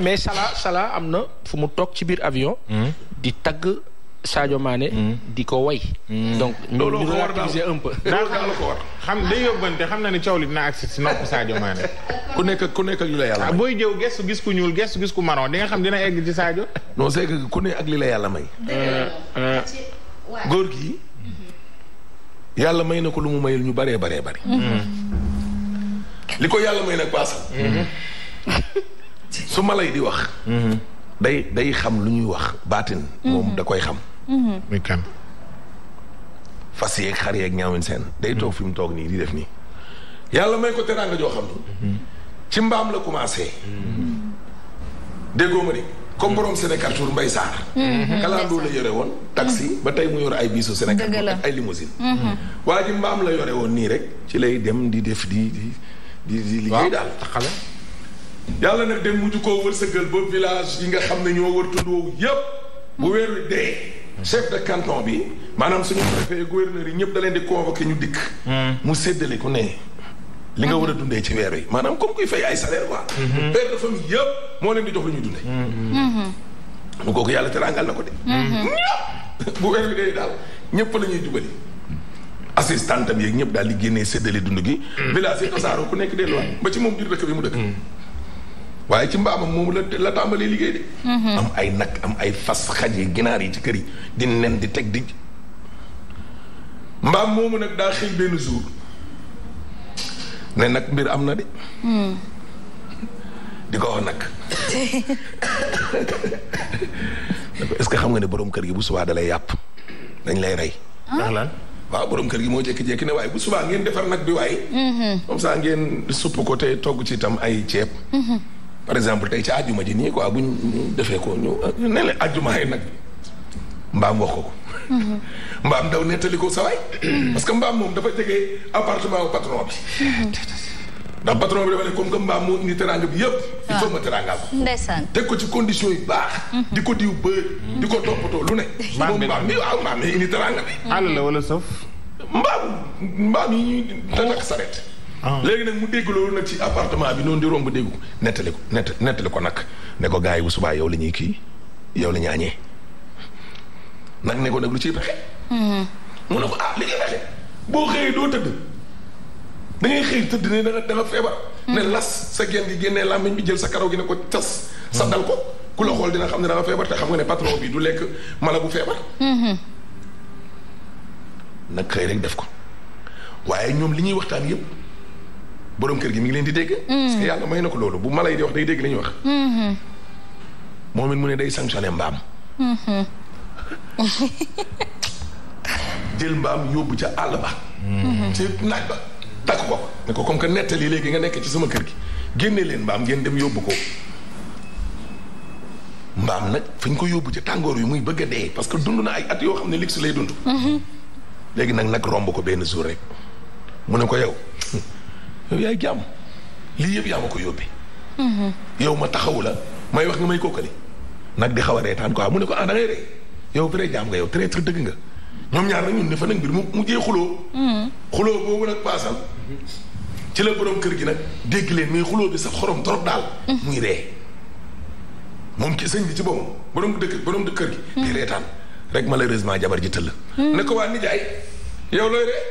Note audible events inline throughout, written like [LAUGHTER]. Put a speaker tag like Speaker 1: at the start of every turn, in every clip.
Speaker 1: mais mais Salah am na fu mu toog ci biir avion. Hmm. di tagg Sadio Mané. Hmm. di ko way. Hmm. donc loolu ñu relativiser un peu. daal ko war xam day yóbbante xam na ne coow li dina agsi si nopp Sadio Mané. ku nekk ku nekk ak li la yàlla ah, may. booy jëw gestu gis ku ñuul gestu gis ku marron di nga xam dina egg ci Sadio. non c'est que ku ne ak li la yàlla may. Euh, euh. góor gi mm-hmm. yàlla may na ko lu mu mayul ñu baree baree bari. Mm-hmm. li ko yàlla may nag baasal. Mm-hmm. [LAUGHS] su mala di wax. Mm-hmm. day day xam lu ñuy wax baatin. Mm-hmm. moom da koy xam. Mm-hmm. muy kan. fas yeeg xar yeeg ñaawin seen. day toog fi mu toog nii di def nii. yàlla may ko teraanga joo xam ci mbaam la commencé. déggoo ma de comme borom Sénégal tour Mbaye Sarr. kalaandoo la yore woon. taxi ba tey mu yor ay biisu Sénégal. ak ay limousine. waa ji mbaam la yore woon nii rek. ci lay dem di def di di di di liggéey daal. xale yàlla nag dem mujj koo wërsëgal ba village yi nga xam ne ñoo wër tund woowu yépp bu weer wi dee chef de canton bi maanaam suñu préfet gouverneur yi ñëpp da leen di convoqué ñu dikk hmm. mu séddale ku ne li nga war a dundee ci weer wi maanaam comme kuy fay ay salaire quoi hmm. père de leen di jox lu ñuy dundee hmm. mu kooku yàlla teraangal na ko de ñëpp bu weer wi dee daal ñëpp la ñuy jubali assistante am ñëpp daal di génnee séddale dund gi village yi ku nekk delluwaat ba ci moom biir dëkk bi mu dëkk waaye ci mbaamam moom la la tàmbalee liggéey de. Mm-hmm. am ay nag am ay fas xaje ginaar yi ci kër yi din nen di teg di. mbaam moomu nag daa xëy benn jour ne nag mbir am na de. Mm. di ko wax nag. [LAUGHS] est que xam nga ne borom kër gi bu subaa dalay yàpp dañ lay rey. Ah. ndax la waaw borom kër gi moo jékki-jékki ne waaye bu subaa ngeen defar nag bi waaye. Mm-hmm. comme ça ngeen supp ko te togg ci itam ay ceeb. Mm-hmm. par exemple tey ci àjjuma ji nii quoi bu ñu defee ko ñu euh, ne leen àjjuma yi nag mbaam wax ko ko. Mhm. mbaam daw nettali ko sawaay mhm. parce que mbaam moom dafa jege appartement wu patron bi. ndax dafa ne comme que mbaam moo indi teraanga bi yëpp. il faut ah. ma teraangaal teg ko ci condition yi baax. Mhm. di ko diw bëri. di ko toppatoo lu ne. mbaam bi mbaam bi waaw mbaam bi indi teraanga bi. àll la wala sëf. mbaam mbaam yi ñuy danak saret Ah. léegi nag mu dégg loolu nag ci appartement bi noonu di romb dégg ko nettali ko nett nettali ko nag ne ko gaa yi bu subaa yow la ñuy kii yow la ñaañee nag ne ko nag lu ciy pexe. Hmm. mu ne ko ah li ciy doo tëdd da ngay xëy tëdd ne da feebar. Hmm. ne las sa genn gi génnee làmmiñ bi jël sa karaw gi ne ko tas. sa hmm. dal ko ku la xool dina xam ne da nga feebar te xam nga ne patron bi du lekk mala bu feebar. nag xëy rek def ko waaye ñoom li ñuy waxtaan yëpp. borom kër gi mi ngi leen di dégg. Mm. parce yàlla may na ko loolu bu mala yi di wax day dégg li ñuy wax. Mm-hmm. moom it mu ne day sanctionné mbaam. Mm-hmm. [LAUGHS] jël mbaam yóbbu ca àll ba. Mm-hmm. ci naaj ba ko ne ko comme que nettali léegi nga nekk ci sama kër gi génne leen mbaam ngeen dem yóbbu ko. mbaam nag fi ñu ko yóbbu ca tàngoor yi muy bëgg a dee parce que dund na ay at yoo xam ne ligg si lay dund. léegi nag nag romb ko benn jour rek mu ne ko yow. yow yaay jàmm lii yëpp yaa ma ko yóbbee. yow ma taxawu la may wax nga may kookali nag di xaw a reetaan quoi mu ne ko ah da ngay ree yow vrai jàmm nga yow très très dëgg nga ñoom ñaar nag ñun dafa nag mbir mu mujjee xuloo. xuloo boobu nag ci la borom kër gi nag dégg mais xuloo bi sax trop daal. muy ree moom ki sëñ bi ci boppam borom dëkk borom dëkk kër gi. di reetaan rek mala malheureusement jabar ji tëll. ne ko waa nijaay yow looy ree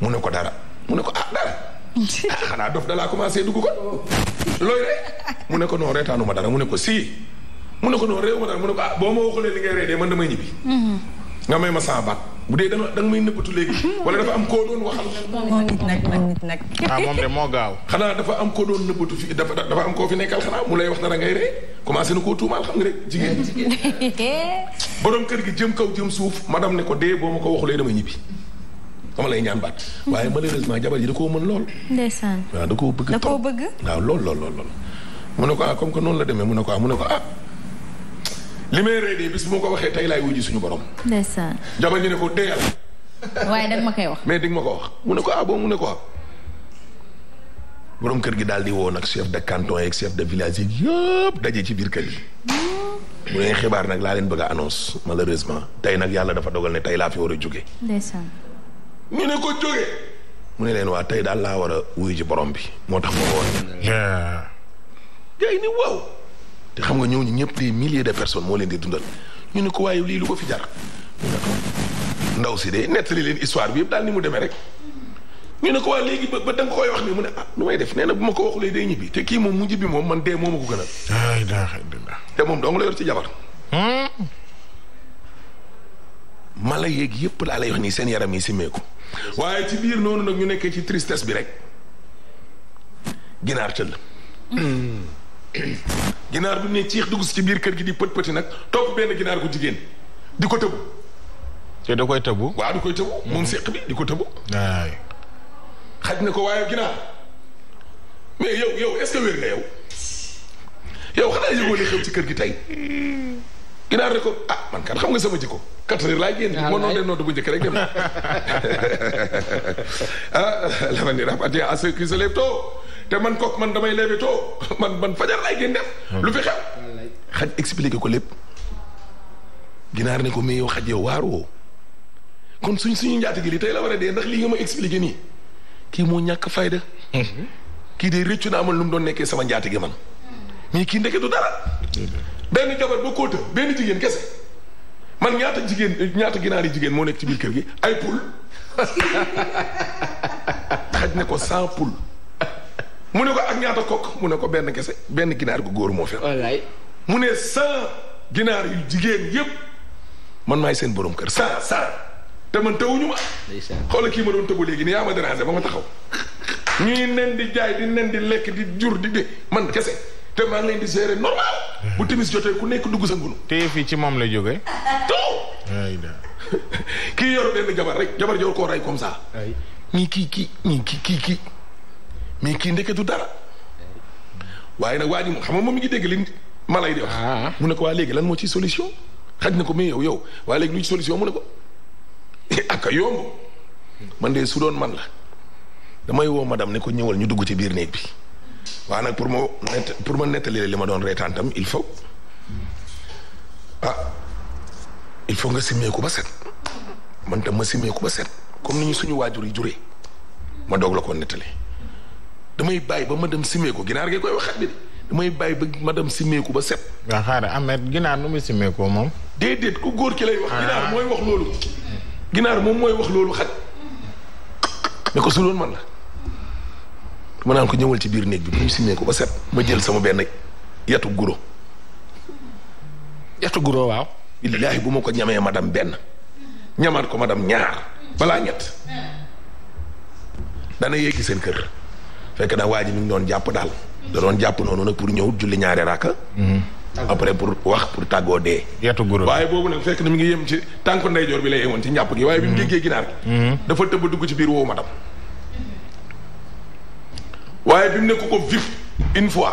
Speaker 1: mu ne ko dara. mu ne ko ah dara [LAUGHS] ah xanaa dof dalaa commencé dugg ko looy rey mu ne ko non reetaanu ma dara mu ne ko si mu ne ko non réew ma dara mu ne ko ah, boo ma waxulee li de man damay ñibbi mm-hmm. nga may ma saa baat bu dee da nga may nëbbatu léegi [LAUGHS] wala dafa am koo doon waxal ah moom de moo gaaw xanaa dafa am koo doon nëbbatu fi dafa dafa am koo fi nekkal xanaa mu lay wax dara ngay ree commencé na koo tuumaal xam nga rek jigéen [LAUGHS] borom kër gi jëm kaw jëm suuf madame ne ko dee boo ma ko waxulee damay ñibbi dama lay ñaan baat. waaye malheureusement jabar ji da koo mën lool. ndeysaan waaw da koo bëgg. da koo bëgg waaw lool lool lool mu ne ko ah comme que noonu la demee mu ne ko ah mu ne ko ah. li may reedee bis bu ma ko waxee tey laay wujji suñu borom. ndeysaan jabar ji ne ko deyal. waaye da ma koy wax. mais di ma ko wax mu ne ko ah boobu mu ne ko ah. borom kër gi daal di woo nag chef de canton yeeg chef de village yeeg yëpp daje ci biir kër gi. Hmm. mu ne xibaar nag laa leen bëgg a annonce malheureusement tey nag yàlla dafa dogal ne tey laa fi war a jóge. ñu ne ko jógee mu ne leen waa tey daal laa war a wuyu ji borom bi moo tax ma woon gars te xam nga ñëw ñëpp des milliers de personnes moo leen di dundal ñu ne ko waaye lii lu ko fi jar si de nettali leen histoire bi yëpp daal ni mu demee rek ñu ne ko waa léegi ba wax mu ne ah may def nee na bu ma ko waxulee day ñibbi te kii moom mu ñibbi moom man dee moom a ko gënal. ay te moom dong la yor ci jabar. Hmm? mala yeeg yëpp laa la wax nii seen yaram yi simmee ko waaye ci biir noonu nag ñu nekkee ci tristesse bi rek ginaar tëll ginaar bi ne ciix dugg si ci biir kër gi di pët pëti nag topp benn ginaar ko jigéen di ko tëbu te da koy tëbu waaw di koy tëbu mm-hmm. moom séq bi di ko tëbu xaj na ko waaye ginaar mais yow yow est-ce que wér nga yow yow xew ci kër gi tey ginaar ne ko ah man kan xam nga sama jikko quatre heures laay génn moo noonu de noonu bu njëkk rek dem [LAUGHS] ah lafa ni rapatie à ceux qui se lèvent tôt te man kook man damay leebe tôt man man fajar laay génn dem hmm. lu fi xew xaj expliqué ko lépp ginaar ne ko mais yow xaj yow waaroo kon suñ suñu njaatige li tey la war a dee ndax lii nga ma expliqué nii kii moo ñàkk fayda hmm. kii de réccu na amal lu mu doon nekkee sama njaatige man hmm. mais kii ndeke dara benn jabar ba kóota benn jigéen kese man ñaata jigéen ñaata ginaar yi jigéen moo nekk ci biir kër gi ay poule [LAUGHS] xaj ne ko sans poule mu ne ko ak ñaata kokk mu ne ko benn kese benn ginaar gu góor moo fi mu ne sans ginaar yu jigéen yépp man maay seen borom kër sans sans te man tawuñu ma xoola kii ma doon tëbu léegi ni yaa ma déranger ba ma taxaw ñuy nen di jaay di nen di lekk di jur di de man kese te man ngi leen di gérer normal bu timis jotee ku nekk dugg sa ngunu. téye fii ci moom lay jógee. tout. [LAUGHS] kii yor benn jabar rek jabar yor koo rey comme ça. ñii kii kii ñii kii kii kii mais kii ndeketu dara. waaye nag waa ji xam nga moom mi ngi dégg li ma lay di wax. Ah. mu ne ko waa léegi lan moo ci solution. xaj na ko mais yow yow waa léegi lu ci solution mu ne ko [LAUGHS] aka yomb man de su doon man la damay woo madame ne ko ñëwal ñu dugg ci biir néeg bi. waaw nag pour ma nett pour ma nettali li ma doon reetaan tam il faut ah il faut nga simmeeku ba set man tam ma simmeeku ba set comme ni ñu suñu waajur yi jure ma doog la ko nettali damay bàyyi ba ma dem simmeeku ginaar gi koy waxat bi damay ba ma dem simmeeku ba set. waaw xaaral Ahmed ginaar nu muy simmeekoo moom. déedéet ku góor ki lay wax. Ah. ginaar mooy wax loolu. moom mooy wax loolu xat. ne ko su man la. ma naan ko ñëwal ci biir néeg bi mu ñu simee ko ba set ma jël sama benn yetu guro yetu guro waaw billaahi bu ma ko ñamee ma dam benn ñamaat ko ma dam ñaar balaa ñett dana yéegi seen kër fekk na waa ji mi ngi doon jàpp daal da doon jàpp noonu nag pour ñëw julli ñaari ràkka mm-hmm. après pour wax pour tàggoo dee yetu guro waaye boobu nag fekk na mi ngi yem ci tànk ndeyjoor bi lay yemoon ci njàpp gi waaye bi mu déggee ginaar gi mm-hmm. dafa tëb dugg ci biir woowu ma dam waaye bi mu ne ko ko vip une fois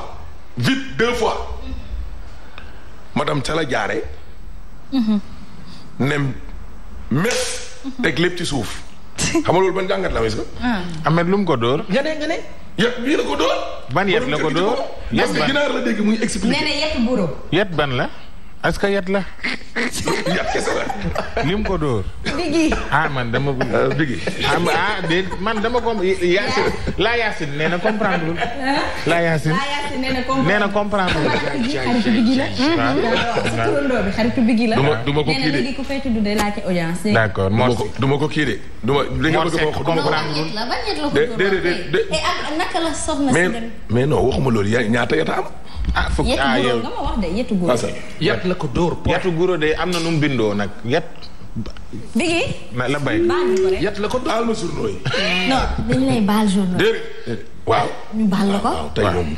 Speaker 1: vip deux fois madame ca la jaare mm-hmm. ne mes mm-hmm. teg lépp ci suuf xam nga loolu ban jàngat la weesu. Mm. Ahmed lu mu ko dóor. nga ne nga ne. yet bii la ko dóor. ban yet la ko dóor. yet ban parce que ginaar la dégg na yet ban la. est que yet la. yet kese la. lim ko dóor. bigi. ah man dama. Ah, ah, ah, ko yaasin. laa yaasin nee comprendre lul. laa yaasin. laa comprendre nee la. turandoo bi xaritu bigi la. du ma du ko kii de nee ko fay de laajte audience. d'accord moo du ko kii de. du li nga bëgg a wax du ko. la ban yet ko dóor. déedéet eh, ñaata yet am. ah fukk ah yow yet la ko dóor yatu guro de am na nu mu bindoo nag yet Biggi. mais la bay yat la ko baal ma journaux yi. [LAUGHS] non dañ lay baal journaux yi. waaw ñu baal la ko.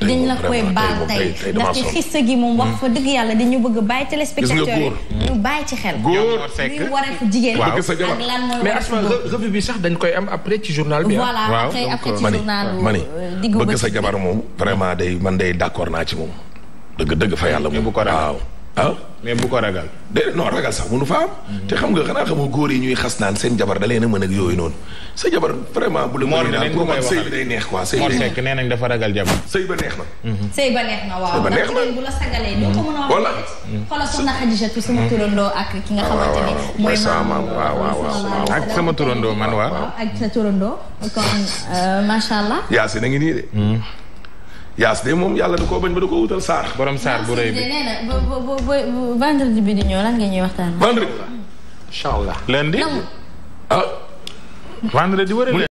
Speaker 1: dañ la koy baal tey ndax ci xista gi moom wax fa hmm. dëgg yàlla dañu bëgg a bàyyi téléspectateur yi ñu bàyyi ci xel. góor ñuy waral jigéen. ak lan mooy mais asma revue bi sax dañ koy am après ci journal bi. Ah. voilà après après ci euh, journal euh, mani bëgg sa jabar moom. vraiment day man day d'accord naa ci moom. dëgg dëgg fa yàlla moom waaw. ah mais bu ko ragal. déedéet non ragal sax mënu fa am. te xam nga xanaa xamoo góor yi ñuy xas naan seen jabar da leen a mën ak yooyu noonu sa jabar vraiment. bu la mën a ko man sëy day neex quoi. sëy day neex nee nañ dafa ragal jabar. sëy ba neex na. Mhm. sëy ba neex na waaw. sëy ba neex na bu la sagalee doo ko mën a. voilà xoolal soxna Xadijatu sama mhm. turandoo ak ki nga xamante ne. Ah, mooy maam waaw waaw waaw ak sama turandoo man waaw. ak sa turandoo kon euh, macha allah. yaa si na ngi nii de. Mhm. yaas de moom yàlla da koo bañ ba da koo wutal saar. borom saar bu rëy bi nee na bo bo vendredi bi di ñëw lan nga ñuy waxtaan. vendredi. incha allah